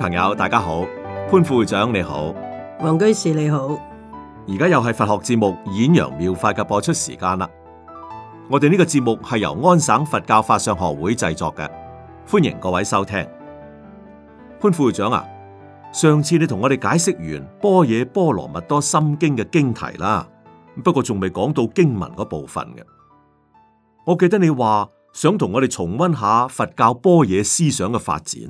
各位朋友，大家好，潘副會長你好，王居士你好，而家又係佛學節目演揚妙，妙法嘅播出時間啦。我哋呢個節目係由安省佛教法相學會製作嘅，歡迎各位收聽。潘副會長啊，上次你同我哋解釋完《般若波羅蜜多心經》嘅經題啦，不過仲未講到經文嗰部分嘅。我記得你話想同我哋重溫下佛教般若思想嘅發展。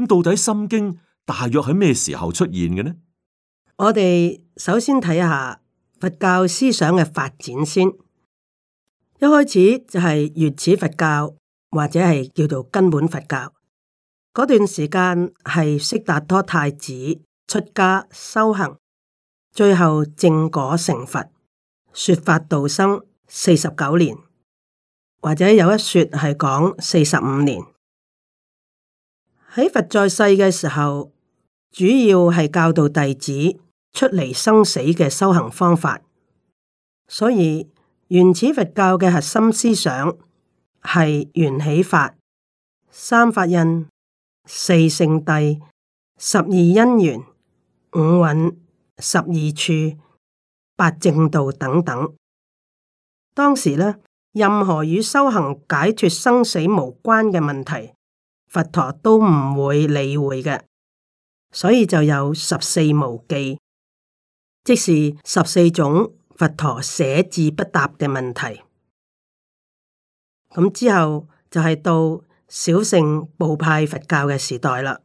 咁到底《心經》大約喺咩時候出現嘅呢？我哋首先睇下佛教思想嘅發展先。一開始就係原始佛教，或者係叫做根本佛教。嗰段時間係悉達多太子出家修行，最後正果成佛，說法度生四十九年，或者有一說係講四十五年。喺佛在世嘅時候，主要係教導弟子出離生死嘅修行方法，所以原始佛教嘅核心思想係緣起法、三法印、四聖諦、十二因緣、五蘊、十二處、八正道等等。當時呢，任何與修行解脫生死無關嘅問題。佛陀都唔會理會嘅，所以就有十四無記，即是十四種佛陀捨置不答嘅問題。咁之後就係到小乘部派佛教嘅時代啦。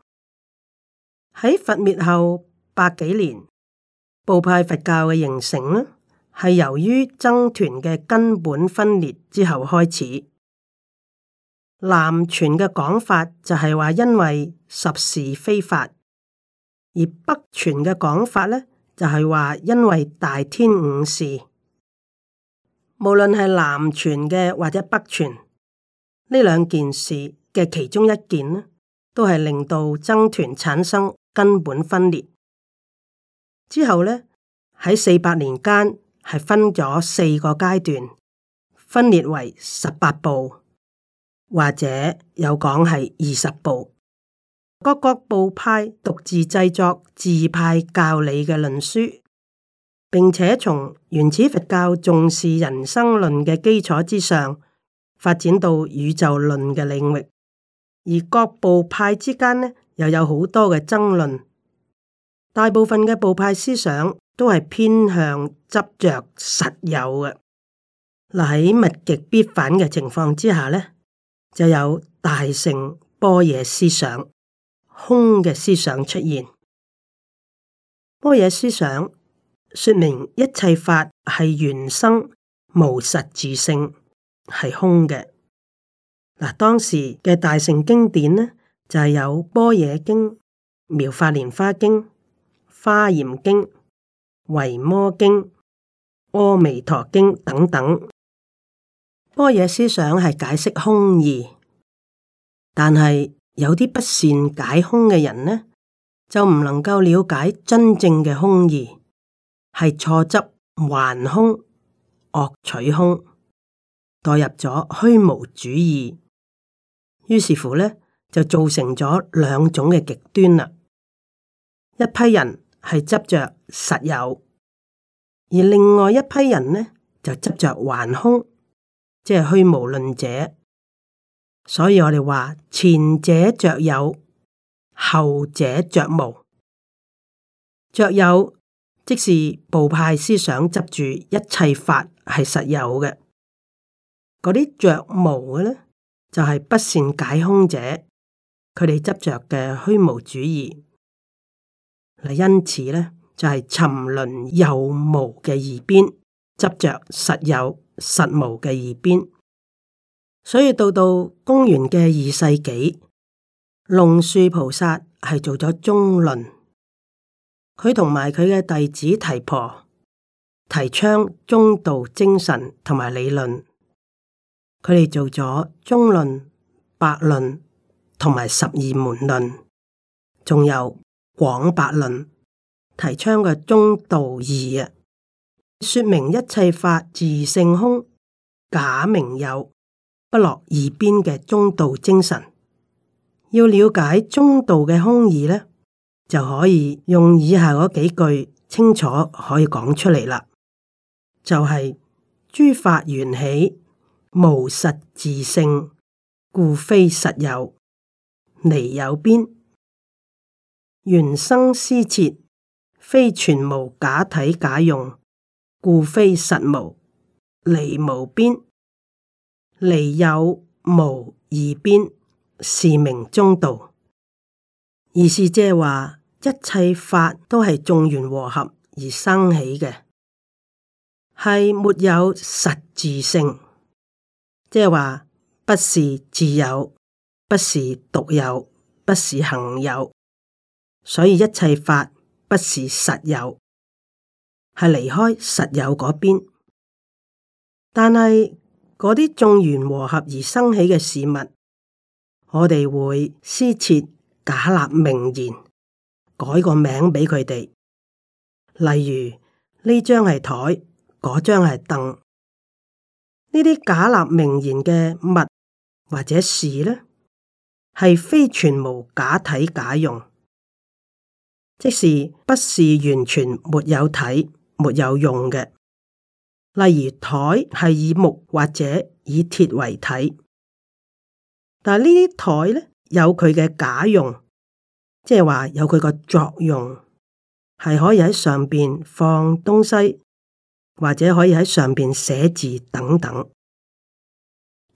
喺佛滅後百幾年，部派佛教嘅形成咧，係由於僧團嘅根本分裂之後開始。南傳嘅講法就係話因為十事非法，而北傳嘅講法呢就係話因為大天五事。無論係南傳嘅或者北傳，呢兩件事嘅其中一件咧，都係令到僧團產生根本分裂。之後呢，喺四百年間係分咗四個階段，分裂為十八部。或者有講係二十部，各個部派獨自製作自派教理嘅論書，並且從原始佛教重視人生論嘅基礎之上發展到宇宙論嘅領域，而各部派之間呢又有好多嘅爭論。大部分嘅部派思想都係偏向執着實有嘅。嗱，喺物極必反嘅情況之下呢，就有大乘般若思想、空嘅思想出現。般若思想說明一切法係緣生，無實質性，係空嘅。嗱，當時嘅大乘經典呢，就係有《般若經》《妙法蓮花經》《華嚴經》《維摩經》《阿彌陀經》等等。般若思想係解釋空義，但係有啲不善解空嘅人呢，就唔能夠了解真正嘅空義，係錯執頑空、惡取空，墮入咗虛無主義。于是乎呢，就造成咗兩種嘅極端啦。一批人係執着實有，而另外一批人呢，就執着頑空。即係虛無論者，所以我哋話前者着有，後者着無。着有即是部派思想執住一切法係實有嘅，嗰啲着無嘅咧就係、是、不善解空者，佢哋執着嘅虛無主義。嗱，因此咧就係、是、沉淪，有無嘅二邊，執着實有。實無嘅二邊，所以到到公元嘅二世紀，龍樹菩薩係做咗中論，佢同埋佢嘅弟子提婆提倡中道精神同埋理論，佢哋做咗中論、百論同埋十二門論，仲有廣百論，提倡嘅中道義啊。說明一切法自性空，假名有，不落二邊嘅中道精神。要了解中道嘅空義呢，就可以用以下嗰幾句清楚可以講出嚟啦。就係、是、諸法緣起，無實自性，故非實有，離有邊。緣生施設，非全無，假體假用。故非實無，離無邊，離有無二邊，是名中道。意思即係話一切法都係眾緣和合而生起嘅，係沒有實自性，即係話不是自有，不是獨有，不是恒有，所以一切法不是實有。係離開實有嗰邊，但係嗰啲眾緣和合而生起嘅事物，我哋會施設假立名言，改個名俾佢哋。例如呢張係台，嗰張係凳。呢啲假立名言嘅物或者事呢，係非全無假體假用，即是不是完全沒有體。沒有用嘅。例如台係以木或者以鐵為體，但係呢啲台咧，有佢嘅假用，即係話有佢個作用，係可以喺上邊放東西，或者可以喺上邊寫字等等。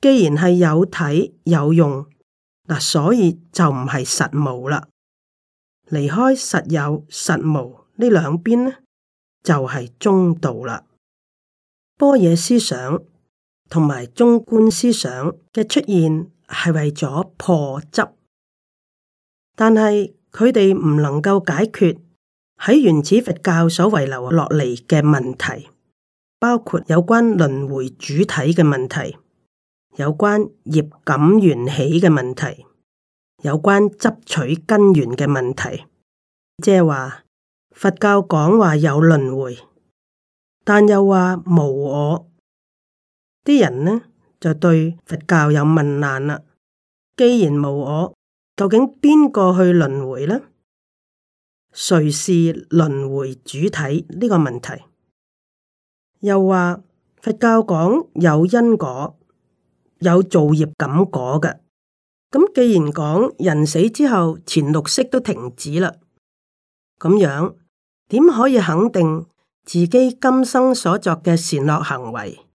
既然係有體有用，嗱，所以就唔係實無啦。離開實有實無呢兩邊咧，就係中道啦。般若思想同埋中觀思想嘅出現係為咗破執，但係佢哋唔能夠解決喺原始佛教所遺留落嚟嘅問題，包括有關輪迴主體嘅問題，有關業感緣起嘅問題，有關執取根源嘅問題，即係話。佛教講話有輪迴，但又話無我，啲人呢就對佛教有問難啦。既然無我，究竟邊個去輪迴呢？誰是輪迴主體呢個問題？又話佛教講有因果，有造業感果嘅。咁既然講人死之後前六識都停止啦。咁樣點可以肯定自己今生所作嘅善惡行為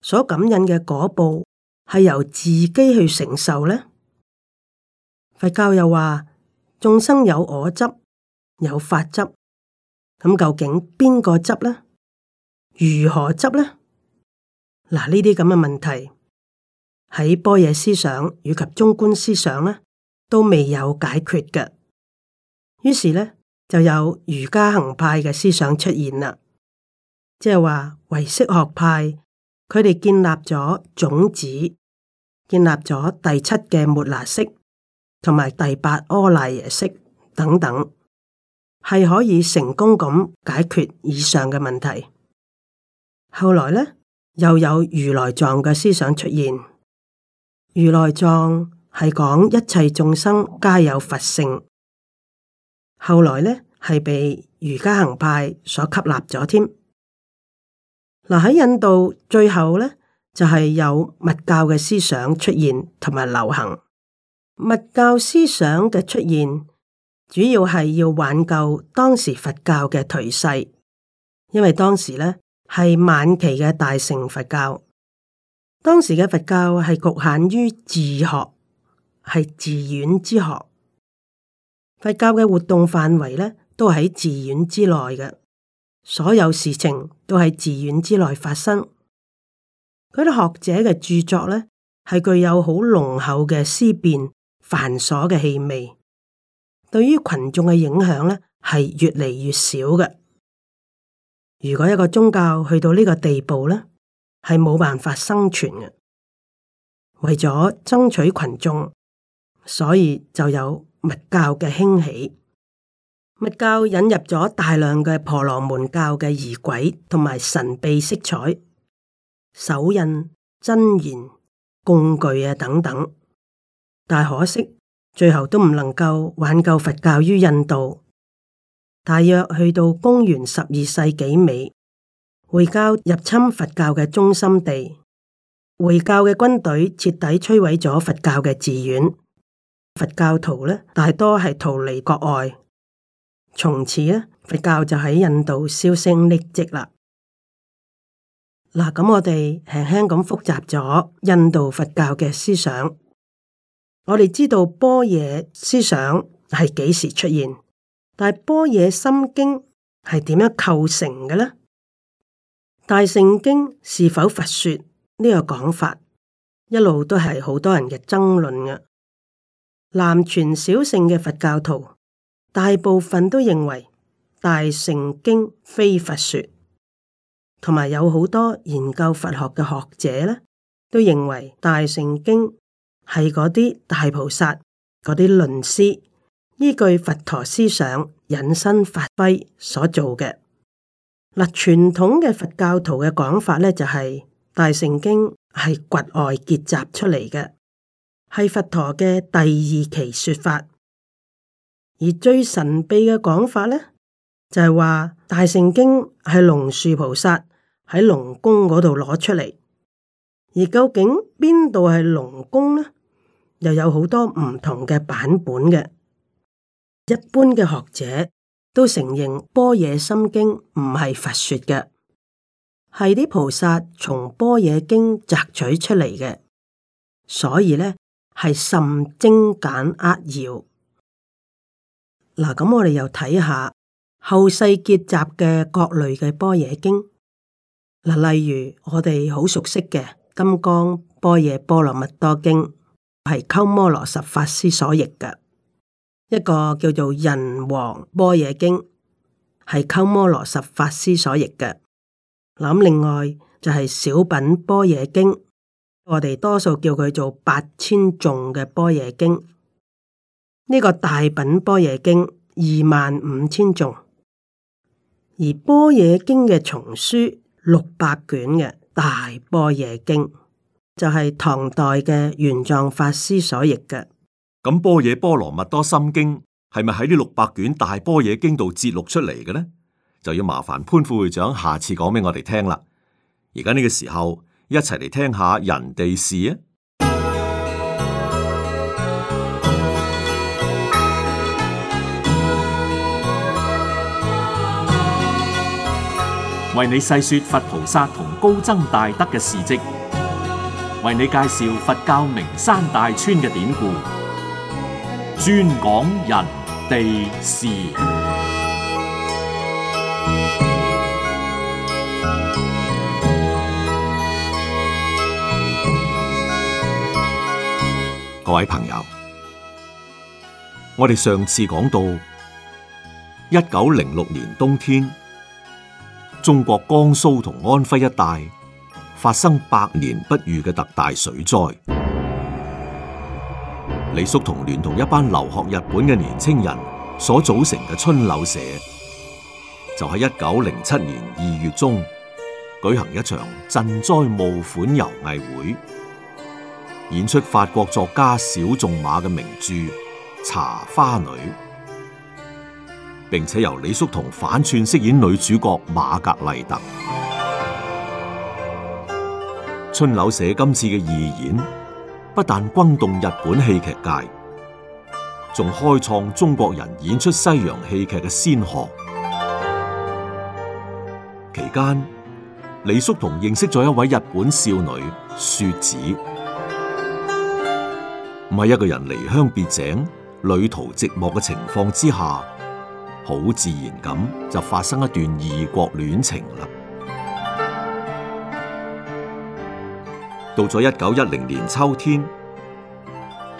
所感應嘅果報係由自己去承受呢？佛教又話眾生有我執有法執，咁究竟邊個執呢？如何執呢？嗱，呢啲咁嘅問題喺般若思想以及中觀思想呢，都未有解決嘅。於是呢，就有瑜伽行派嘅思想出現啦，即係話唯識學派，佢哋建立咗種子，建立咗第七嘅末那識同埋第八阿賴耶識等等，係可以成功咁解決以上嘅問題。後來呢，又有如來藏嘅思想出現，如來藏係講一切眾生皆有佛性。後來呢，係被瑜伽行派所吸納咗添。嗱，喺印度最後呢，就係、是、有密教嘅思想出現同埋流行。密教思想嘅出現主要係要挽救當時佛教嘅頹勢，因為當時呢係晚期嘅大乘佛教。當時嘅佛教係局限於自學，係自遠之學。佛教嘅活動範圍咧，都喺寺院之內嘅，所有事情都喺寺院之內發生。嗰啲學者嘅著作咧，係具有好濃厚嘅思辨、繁瑣嘅氣味，對於群眾嘅影響咧係越嚟越少嘅。如果一個宗教去到呢個地步咧，係冇辦法生存嘅。為咗爭取群眾，所以就有。密教嘅興起，密教引入咗大量嘅婆羅門教嘅儀軌同埋神秘色彩、手印、真言、工具啊等等，但可惜，最後都唔能夠挽救佛教於印度。大約去到公元十二世紀尾，回教入侵佛教嘅中心地，回教嘅軍隊徹底摧毀咗佛教嘅寺院。佛教徒咧，大多係逃離國外，從此咧佛教就喺印度銷聲匿跡啦。嗱，咁我哋輕輕咁復習咗印度佛教嘅思想，我哋知道般若思想係幾時出現，但係般若心經係點樣構成嘅呢？大乘經是否佛說呢個講法，一路都係好多人嘅爭論嘅。南傳小乘嘅佛教徒，大部分都認為大乘經非佛說，同埋有好多研究佛學嘅學者呢都認為大乘經係嗰啲大菩薩嗰啲論師依據佛陀思想引申發揮所做嘅。嗱，傳統嘅佛教徒嘅講法呢，就是，就係大乘經係窟外結集出嚟嘅。係佛陀嘅第二期說法，而最神秘嘅講法呢，就係、是、話《大乘經》係龍樹菩薩喺龍宮嗰度攞出嚟。而究竟邊度係龍宮呢？又有好多唔同嘅版本嘅。一般嘅學者都承認《般若心經》唔係佛說嘅，係啲菩薩從《般若經》摘取出嚟嘅。所以呢。係甚精簡扼要嗱，咁我哋又睇下後世結集嘅各類嘅般若經嗱，例如我哋好熟悉嘅《金剛般若波羅蜜多經》，係鳩摩羅什法師所譯嘅一個叫做《仁王般若經》，係鳩摩羅什法師所譯嘅。咁另外就係《小品般若經》。我哋多數叫佢做八千眾嘅般若經，呢、這個大品般若經二萬五千眾，而般若經嘅叢書六百卷嘅大般若經，就係、是、唐代嘅玄奘法師所譯嘅。咁般若波羅蜜多心經係咪喺呢六百卷大般若經度節錄出嚟嘅呢？就要麻煩潘副會長下次講俾我哋聽啦。而家呢個時候。一齊嚟聽下人地事啊！為你細說佛菩薩同高僧大德嘅事跡，為你介紹佛教名山大川嘅典故，專講人地事。各位朋友，我哋上次講到一九零六年冬天，中國江蘇同安徽一帶發生百年不遇嘅特大水災。李叔同聯同一班留學日本嘅年青人所組成嘅春柳社，就喺一九零七年二月中舉行一場賑災募款遊藝會。演出法國作家小仲馬嘅名著《茶花女》，並且由李叔同反串飾演女主角瑪格麗特。春柳社今次嘅義演不但轟動日本戲劇界，仲開創中國人演出西洋戲劇嘅先河。期間，李叔同認識咗一位日本少女雪子。喺一個人離鄉別井、旅途寂寞嘅情況之下，好自然咁就發生一段異國戀情啦。到咗一九一零年秋天，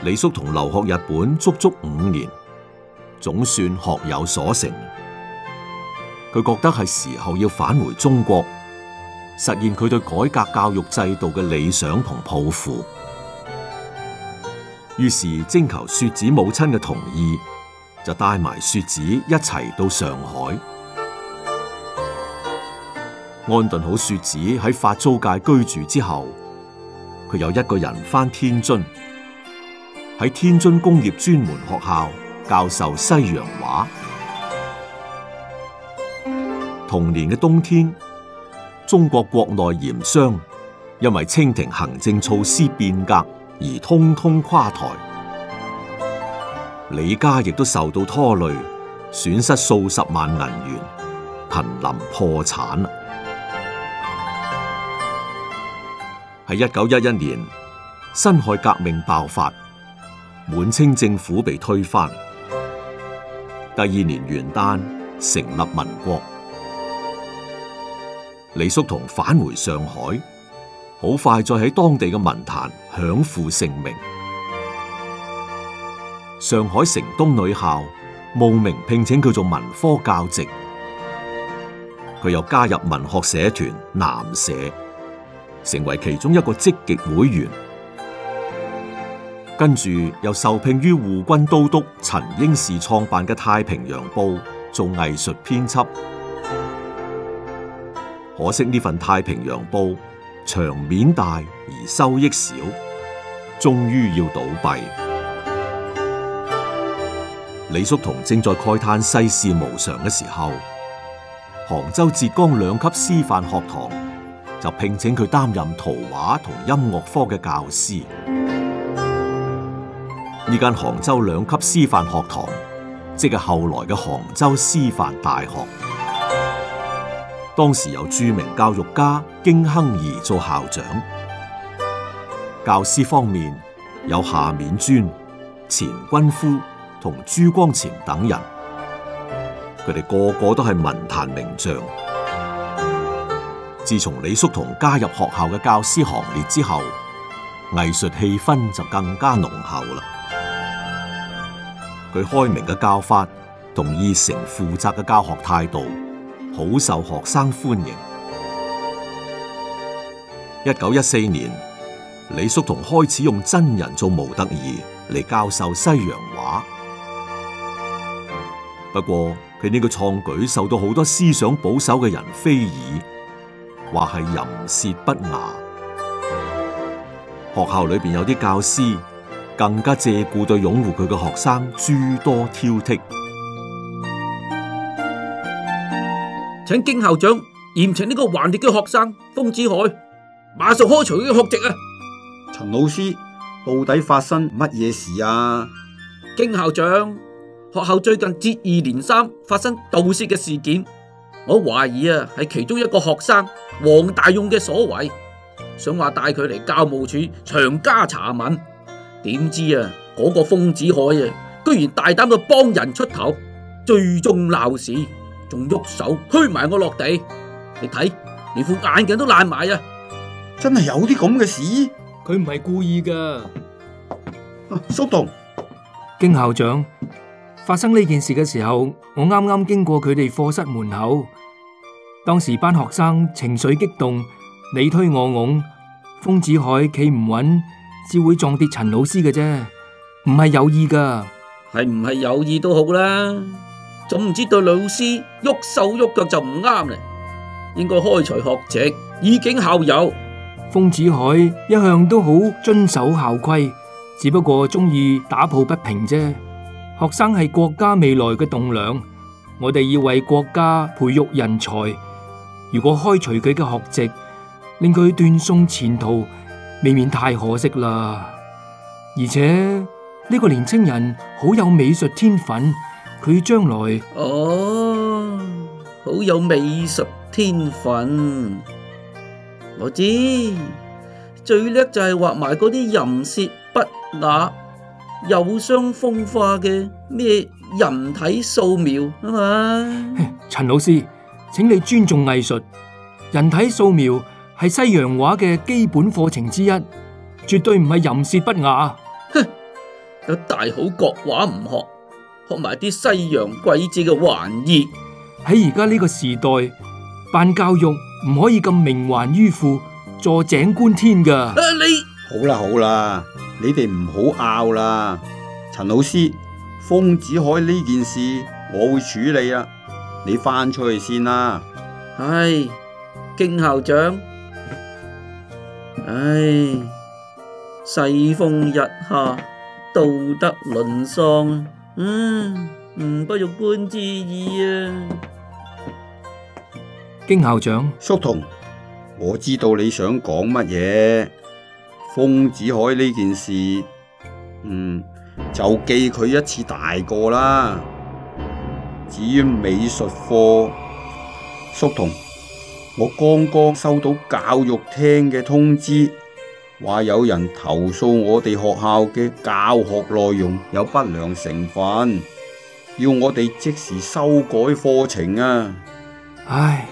李叔同留學日本足足五年，總算學有所成，佢覺得係時候要返回中國，實現佢對改革教育制度嘅理想同抱負。於是徵求雪子母親嘅同意，就帶埋雪子一齊到上海安頓好雪子喺法租界居住之後，佢又一個人翻天津喺天津工業專門學校教授西洋畫。同年嘅冬天，中國國內鹽商因為清廷行政措施變革。而通通垮臺，李家亦都受到拖累，損失數十萬銀元，瀕臨破產。喺一九一一年，辛亥革命爆發，滿清政府被推翻。第二年元旦，成立民國，李叔同返回上海。好快再喺當地嘅文壇享負盛名。上海城東女校慕名聘請佢做文科教職，佢又加入文學社團南社，成為其中一個積極會員。跟住又受聘於滬軍都督陳英士創辦嘅《太平洋報》做藝術編輯。可惜呢份《太平洋報》。場面大而收益少，終於要倒閉。李叔同正在慨嘆世事無常嘅時候，杭州浙江兩級師範學堂就聘請佢擔任圖畫同音樂科嘅教師。呢間杭州兩級師範學堂，即係後來嘅杭州師範大學。當時有著名教育家經亨頤做校長，教師方面有夏丏尊、錢君夫同朱光潛等人，佢哋個個都係文壇名將。自從李叔同加入學校嘅教師行列之後，藝術氣氛就更加濃厚啦。佢開明嘅教法同以誠負責嘅教學態度，好受學生歡迎。一九一四年，李叔同開始用真人做模特兒嚟教授西洋畫。不過佢呢個創舉受到好多思想保守嘅人非議，話係淫褻不雅。學校裏邊有啲教師更加借故對擁護佢嘅學生諸多挑剔。請經校長嚴懲呢個橫逆嘅學生，豐子愷，馬上開除佢嘅學籍啊！陳老師，到底發生乜嘢事啊？經校長，學校最近接二連三發生盜竊嘅事件，我懷疑啊係其中一個學生黃大勇嘅所為，想話帶佢嚟教務處詳加查問，點知啊嗰個豐子愷啊，那個、海居然大膽到幫人出頭，最終鬧事。仲喐手推埋我落地，你睇，連副眼鏡都爛埋啊！真係有啲咁嘅事，佢唔係故意㗎。啊，叔同，經校長發生呢件事嘅時候，我啱啱經過佢哋課室門口，當時班學生情緒激動，你推我拱，豐子愷企唔穩，只會撞跌陳老師嘅啫，唔係有意㗎。係唔係有意都好啦。總唔知對老師喐手喐腳就唔啱咧，應該開除學籍，以儆效尤。豐子愷一向都好遵守校規，只不過中意打抱不平啫。學生係國家未來嘅棟樑，我哋要為國家培育人才。如果開除佢嘅學籍，令佢斷送前途，未免太可惜啦。而且呢個年青人好有美術天分。佢將來哦，好有美術天分，我知最叻就係畫埋嗰啲淫褻不雅、有傷風化嘅咩人體素描啊嘛！陳老師，請你尊重藝術，人體素描係西洋畫嘅基本課程之一，絕對唔係淫褻不雅。哼，有大好國畫唔學。同埋啲西洋鬼子嘅玩意，喺而家呢個時代辦教育唔可以咁冥頑迂腐坐井觀天㗎啊。你好啦好啦，你哋唔好拗啦。陳老師，豐子愷呢件事我會處理啊，你返出去先啦。唉，經校長。唉，世風日下，道德淪喪。嗯，唔不欲半字意啊！經校長，叔同，我知道你想講乜嘢？豐子愷呢件事，嗯，就記佢一次大過啦。至於美術課，叔同，我剛剛收到教育廳嘅通知。話有人投訴我哋學校嘅教學內容有不良成分，要我哋即時修改課程啊！唉，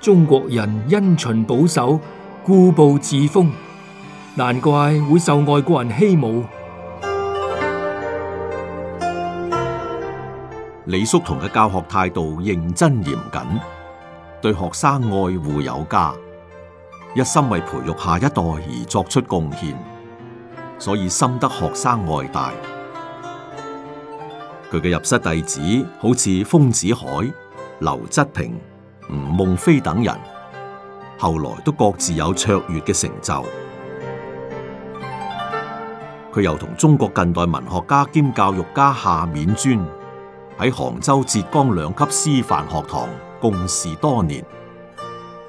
中國人因循保守，固步自封，難怪會受外國人欺侮。李叔同嘅教學態度認真嚴謹，對學生愛護有加。一心為培育下一代而作出貢獻，所以深得學生愛戴。佢嘅入室弟子好似豐子愷、劉質平、吳夢非等人，後來都各自有卓越嘅成就。佢又同中國近代文學家兼教育家夏丏尊喺杭州浙江兩級師範學堂共事多年。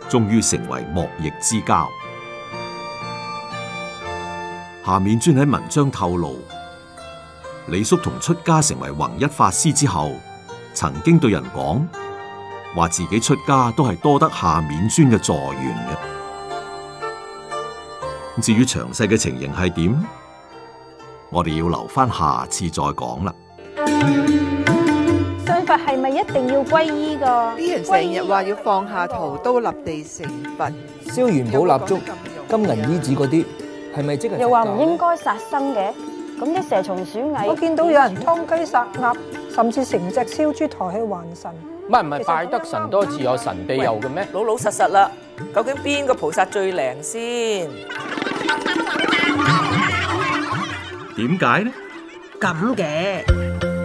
終於成為莫逆之交。下面尊喺文章透露，李叔同出家成為弘一法師之後，曾經對人講，話自己出家都係多得下面尊嘅助緣嘅。至於詳細嘅情形係點，我哋要留翻下次再講啦。佛係咪一定要皈依噶？啲人成日話要放下屠刀立地成佛，燒元寶蠟燭、金銀衣紙嗰啲，係咪即係？又話唔應該殺生嘅，咁啲蛇蟲鼠蟻，我見到有人劏雞殺鴨，甚至成隻燒豬抬去還神。唔係唔係，拜得神多自有神庇佑嘅咩？老老實實啦，究竟邊個菩薩最靈先？點解呢？咁嘅。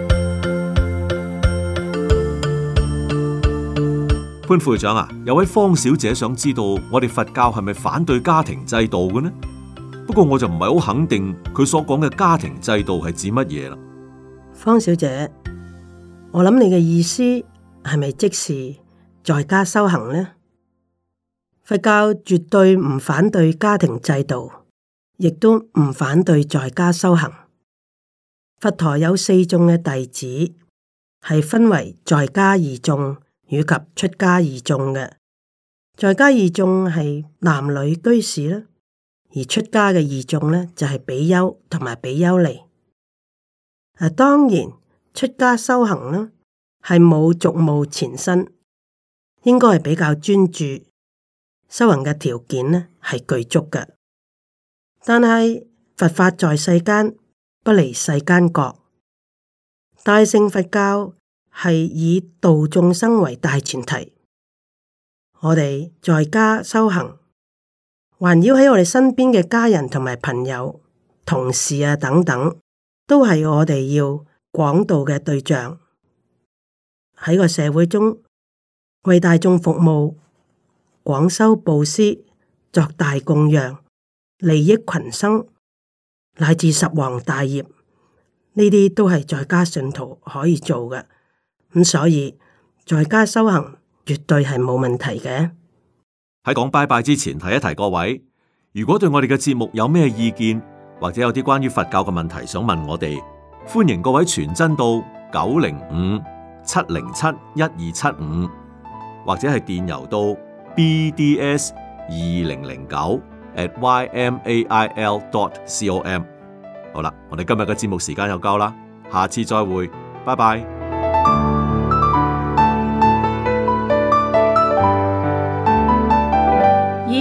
潘會長啊，有位方小姐想知道我哋佛教係咪反對家庭制度嘅呢？不過我就唔係好肯定佢所講嘅家庭制度係指乜嘢啦。方小姐，我諗你嘅意思係咪即係在家修行呢？佛教絕對唔反對家庭制度，亦都唔反對在家修行。佛陀有四眾嘅弟子係分為在家二眾。以及出家二眾嘅，在家二眾係男女居士啦，而出家嘅二眾呢，就係比丘同埋比丘尼。啊，當然出家修行啦，係冇俗務纏身，應該係比較專注。修行嘅條件呢，係具足嘅，但係佛法在世間不離世間覺，大乘佛教。係以度眾生為大前提，我哋在家修行，環繞喺我哋身邊嘅家人同埋朋友、同事啊等等，都係我哋要廣度嘅對象。喺個社會中為大眾服務，廣修布施，作大供養，利益群生，乃至十王大業，呢啲都係在家信徒可以做嘅。咁所以在家修行絕對係冇問題嘅。喺講拜拜之前提一提各位，如果對我哋嘅節目有咩意見，或者有啲關於佛教嘅問題想問我哋，歡迎各位傳真到九零五七零七一二七五，75，或者係電郵到 bds 二零零九 at ymail.com。好啦，我哋今日嘅節目時間又夠啦，下次再會，拜拜。